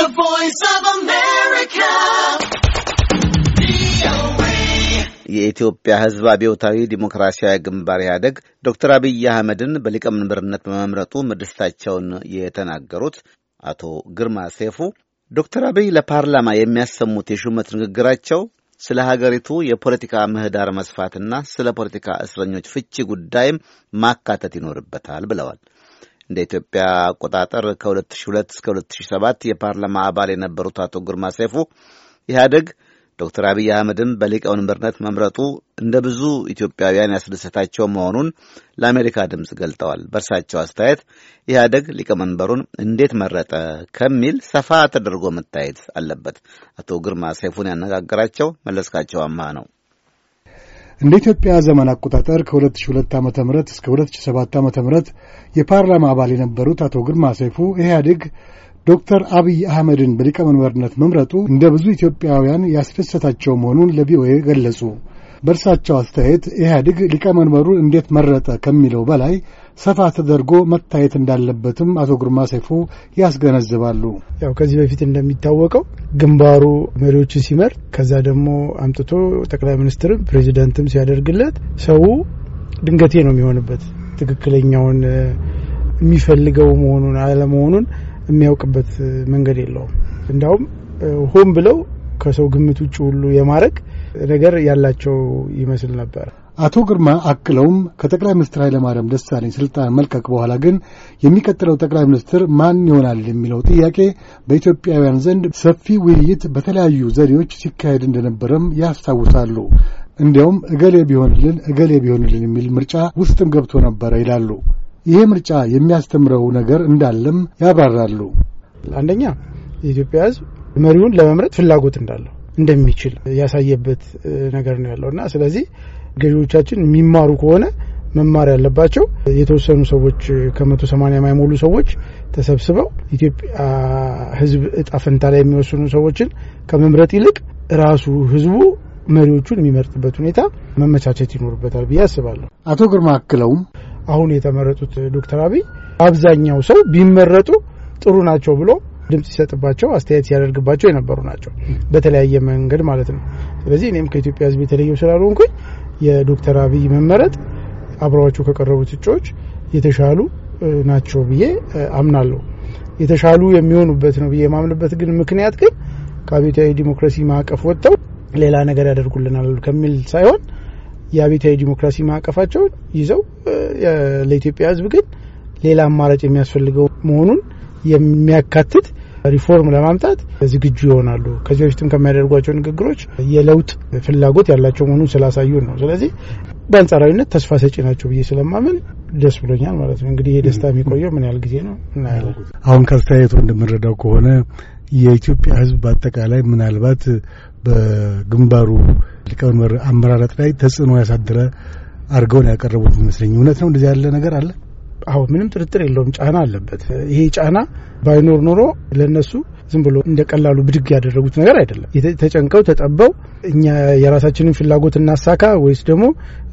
The Voice of America. የኢትዮጵያ ሕዝብ አብዮታዊ ዲሞክራሲያዊ ግንባር ኢህአደግ ዶክተር አብይ አህመድን በሊቀመንበርነት በመምረጡ መደሰታቸውን የተናገሩት አቶ ግርማ ሴፉ ዶክተር አብይ ለፓርላማ የሚያሰሙት የሹመት ንግግራቸው ስለ ሀገሪቱ የፖለቲካ ምህዳር መስፋትና ስለ ፖለቲካ እስረኞች ፍቺ ጉዳይም ማካተት ይኖርበታል ብለዋል። እንደ ኢትዮጵያ አቆጣጠር ከ2002 እስከ 2007 የፓርላማ አባል የነበሩት አቶ ግርማ ሰይፉ ኢህአደግ ዶክተር አብይ አህመድን በሊቀ መምረጡ እንደ ብዙ ኢትዮጵያውያን ያስደሰታቸው መሆኑን ለአሜሪካ ድምፅ ገልጠዋል። በእርሳቸው አስተያየት ኢህአደግ ሊቀመንበሩን እንዴት መረጠ ከሚል ሰፋ ተደርጎ መታየት አለበት። አቶ ግርማ ሰይፉን ያነጋገራቸው መለስካቸው አማ ነው። እንደ ኢትዮጵያ ዘመን አቆጣጠር ከ2002 ዓ ም እስከ 2007 ዓ ም የፓርላማ አባል የነበሩት አቶ ግርማ ሰይፉ ኢህአዴግ ዶክተር አብይ አህመድን በሊቀመንበርነት መምረጡ እንደ ብዙ ኢትዮጵያውያን ያስደሰታቸው መሆኑን ለቪኦኤ ገለጹ። በእርሳቸው አስተያየት ኢህአዴግ ሊቀመንበሩን እንዴት መረጠ ከሚለው በላይ ሰፋ ተደርጎ መታየት እንዳለበትም አቶ ግርማ ሰይፉ ያስገነዝባሉ። ያው ከዚህ በፊት እንደሚታወቀው ግንባሩ መሪዎችን ሲመርጥ ከዛ ደግሞ አምጥቶ ጠቅላይ ሚኒስትርም ፕሬዚደንትም ሲያደርግለት ሰው ድንገቴ ነው የሚሆንበት ትክክለኛውን የሚፈልገው መሆኑን አለመሆኑን የሚያውቅበት መንገድ የለውም። እንዲያውም ሆን ብለው ከሰው ግምት ውጭ ሁሉ የማድረግ ነገር ያላቸው ይመስል ነበር። አቶ ግርማ አክለውም ከጠቅላይ ሚኒስትር ኃይለማርያም ደሳለኝ ስልጣን መልቀቅ በኋላ ግን የሚቀጥለው ጠቅላይ ሚኒስትር ማን ይሆናል የሚለው ጥያቄ በኢትዮጵያውያን ዘንድ ሰፊ ውይይት በተለያዩ ዘዴዎች ሲካሄድ እንደነበረም ያስታውሳሉ። እንዲያውም እገሌ ቢሆንልን እገሌ ቢሆንልን የሚል ምርጫ ውስጥም ገብቶ ነበረ ይላሉ። ይሄ ምርጫ የሚያስተምረው ነገር እንዳለም ያብራራሉ። አንደኛ የኢትዮጵያ ሕዝብ መሪውን ለመምረጥ ፍላጎት እንዳለው እንደሚችል ያሳየበት ነገር ነው ያለው እና ስለዚህ ገዢዎቻችን የሚማሩ ከሆነ መማር ያለባቸው የተወሰኑ ሰዎች ከመቶ ሰማኒያ የማይሞሉ ሰዎች ተሰብስበው ኢትዮጵያ ሕዝብ እጣ ፈንታ ላይ የሚወስኑ ሰዎችን ከመምረጥ ይልቅ ራሱ ሕዝቡ መሪዎቹን የሚመርጥበት ሁኔታ መመቻቸት ይኖርበታል ብዬ አስባለሁ። አቶ ግርማ አክለውም አሁን የተመረጡት ዶክተር አብይ አብዛኛው ሰው ቢመረጡ ጥሩ ናቸው ብሎ ድምጽ ሲሰጥባቸው አስተያየት ሲያደርግባቸው የነበሩ ናቸው፣ በተለያየ መንገድ ማለት ነው። ስለዚህ እኔም ከኢትዮጵያ ሕዝብ የተለየው ስላልሆንኩኝ የዶክተር አብይ መመረጥ አብረዋቸው ከቀረቡት እጩዎች የተሻሉ ናቸው ብዬ አምናለሁ። የተሻሉ የሚሆኑበት ነው ብዬ የማምንበት ግን ምክንያት ግን ከአብዮታዊ ዲሞክራሲ ማዕቀፍ ወጥተው ሌላ ነገር ያደርጉልናል ከሚል ሳይሆን የአብዮታዊ ዲሞክራሲ ማዕቀፋቸውን ይዘው ለኢትዮጵያ ሕዝብ ግን ሌላ አማራጭ የሚያስፈልገው መሆኑን የሚያካትት ሪፎርም ለማምጣት ዝግጁ ይሆናሉ። ከዚህ በፊትም ከሚያደርጓቸው ንግግሮች የለውጥ ፍላጎት ያላቸው መሆኑን ስላሳዩን ነው። ስለዚህ በአንጻራዊነት ተስፋ ሰጪ ናቸው ብዬ ስለማምን ደስ ብሎኛል ማለት ነው። እንግዲህ ይህ ደስታ የሚቆየው ምን ያህል ጊዜ ነው እናያለን። አሁን ከአስተያየቱ እንደምንረዳው ከሆነ የኢትዮጵያ ሕዝብ በአጠቃላይ ምናልባት በግንባሩ ሊቀመንበር አመራረጥ ላይ ተጽዕኖ ያሳደረ አድርገውን ያቀረቡት ይመስለኝ። እውነት ነው? እንደዚህ ያለ ነገር አለ? አዎ ምንም ጥርጥር የለውም ጫና አለበት። ይሄ ጫና ባይኖር ኖሮ ለነሱ ዝም ብሎ እንደ ቀላሉ ብድግ ያደረጉት ነገር አይደለም። ተጨንቀው ተጠበው እኛ የራሳችንን ፍላጎት እናሳካ ወይስ ደግሞ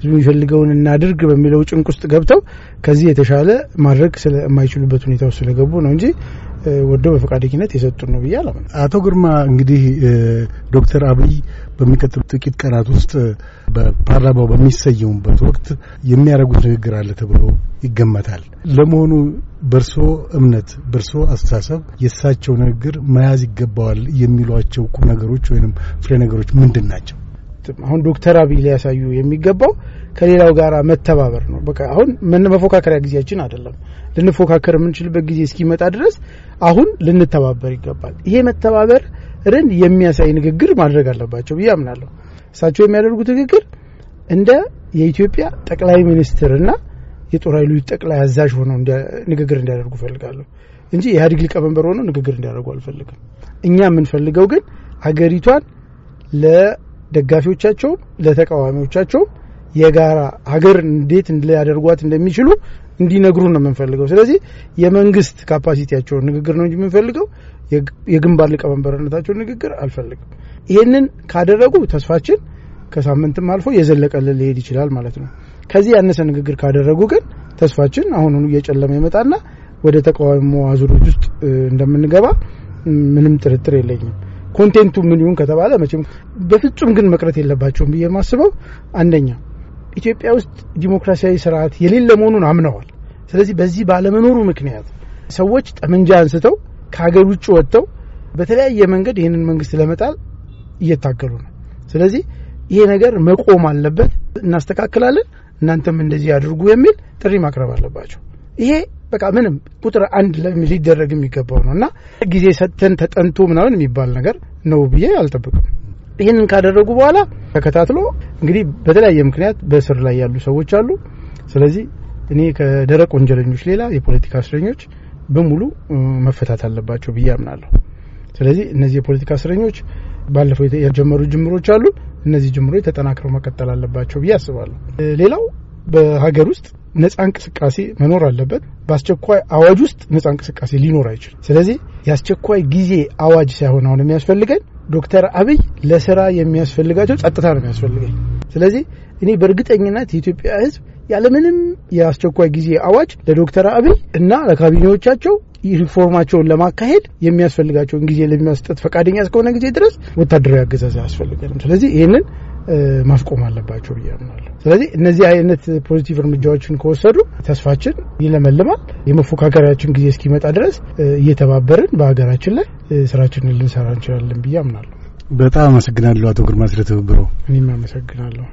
ህዝቡ የሚፈልገውን እናድርግ በሚለው ጭንቅ ውስጥ ገብተው ከዚህ የተሻለ ማድረግ ስለማይችሉበት ሁኔታ ውስጥ ስለገቡ ነው እንጂ ወደው በፈቃደኝነት የሰጡን ነው ብዬ አላምን። አቶ ግርማ እንግዲህ ዶክተር አብይ በሚቀጥሉት ጥቂት ቀናት ውስጥ በፓርላማው በሚሰየሙበት ወቅት የሚያደርጉት ንግግር አለ ተብሎ ይገመታል። ለመሆኑ በእርሶ እምነት በእርሶ አስተሳሰብ የእሳቸው ንግግር መያዝ ይገባዋል የሚሏቸው ቁም ነገሮች ወይም ፍሬ ነገሮች ምንድን ናቸው? አይከትም። አሁን ዶክተር አብይ ሊያሳዩ የሚገባው ከሌላው ጋር መተባበር ነው። በቃ አሁን ምን መፎካከሪያ ጊዜያችን አይደለም። ልንፎካከር የምንችልበት ጊዜ እስኪመጣ ድረስ አሁን ልንተባበር ይገባል። ይሄ መተባበርን የሚያሳይ ንግግር ማድረግ አለባቸው ብዬ አምናለሁ። እሳቸው የሚያደርጉት ንግግር እንደ የኢትዮጵያ ጠቅላይ ሚኒስትርና የጦር ኃይሉ ጠቅላይ አዛዥ ሆነው ንግግር እንዲያደርጉ እፈልጋለሁ እንጂ የኢህአዴግ ሊቀመንበር ሆነው ንግግር እንዲያደርጉ አልፈልግም። እኛ የምንፈልገው ግን አገሪቷን ደጋፊዎቻቸውም ለተቃዋሚዎቻቸውም የጋራ ሀገር እንዴት ሊያደርጓት እንደሚችሉ እንዲነግሩ ነው የምንፈልገው። ስለዚህ የመንግስት ካፓሲቲያቸውን ንግግር ነው እንጂ የምንፈልገው የግንባር ሊቀመንበርነታቸውን ንግግር አልፈልግም። ይህንን ካደረጉ ተስፋችን ከሳምንትም አልፎ የዘለቀልን ሊሄድ ይችላል ማለት ነው። ከዚህ ያነሰ ንግግር ካደረጉ ግን ተስፋችን አሁኑኑ እየጨለመ ይመጣና ወደ ተቃዋሚ መዋዙሮች ውስጥ እንደምንገባ ምንም ጥርጥር የለኝም። ኮንቴንቱ ምን ይሁን ከተባለ መቼም በፍጹም ግን መቅረት የለባቸውም ብዬ የማስበው አንደኛ ኢትዮጵያ ውስጥ ዲሞክራሲያዊ ስርዓት የሌለ መሆኑን አምነዋል። ስለዚህ በዚህ ባለመኖሩ ምክንያት ሰዎች ጠመንጃ አንስተው ከሀገር ውጭ ወጥተው በተለያየ መንገድ ይህንን መንግስት ለመጣል እየታገሉ ነው። ስለዚህ ይሄ ነገር መቆም አለበት። እናስተካክላለን፣ እናንተም እንደዚህ አድርጉ የሚል ጥሪ ማቅረብ አለባቸው። ይሄ በቃ ምንም ቁጥር አንድ ሊደረግ የሚገባው ነው እና ጊዜ ሰጥተን ተጠንቶ ምናምን የሚባል ነገር ነው ብዬ አልጠብቅም። ይህንን ካደረጉ በኋላ ተከታትሎ እንግዲህ በተለያየ ምክንያት በእስር ላይ ያሉ ሰዎች አሉ። ስለዚህ እኔ ከደረቅ ወንጀለኞች ሌላ የፖለቲካ እስረኞች በሙሉ መፈታት አለባቸው ብዬ አምናለሁ። ስለዚህ እነዚህ የፖለቲካ እስረኞች ባለፈው የጀመሩ ጅምሮች አሉ። እነዚህ ጅምሮች ተጠናክረው መቀጠል አለባቸው ብዬ አስባለሁ። ሌላው በሀገር ውስጥ ነጻ እንቅስቃሴ መኖር አለበት። በአስቸኳይ አዋጅ ውስጥ ነጻ እንቅስቃሴ ሊኖር አይችልም። ስለዚህ የአስቸኳይ ጊዜ አዋጅ ሳይሆን አሁን የሚያስፈልገን ዶክተር አብይ ለስራ የሚያስፈልጋቸው ጸጥታ ነው የሚያስፈልገኝ። ስለዚህ እኔ በእርግጠኝነት የኢትዮጵያ ሕዝብ ያለምንም የአስቸኳይ ጊዜ አዋጅ ለዶክተር አብይ እና ለካቢኔዎቻቸው ሪፎርማቸውን ለማካሄድ የሚያስፈልጋቸውን ጊዜ ለሚመስጠት ፈቃደኛ እስከሆነ ጊዜ ድረስ ወታደራዊ አገዛዝ አያስፈልገንም። ስለዚህ ይህንን ማስቆም አለባቸው ብዬ አምናለሁ። ስለዚህ እነዚህ አይነት ፖዚቲቭ እርምጃዎችን ከወሰዱ ተስፋችን ይለመልማል። የመፎካከሪያችን ጊዜ እስኪመጣ ድረስ እየተባበርን በሀገራችን ላይ ስራችንን ልንሰራ እንችላለን ብዬ አምናለሁ። በጣም አመሰግናለሁ አቶ ግርማ ስለትብብሮ። እኔም አመሰግናለሁ።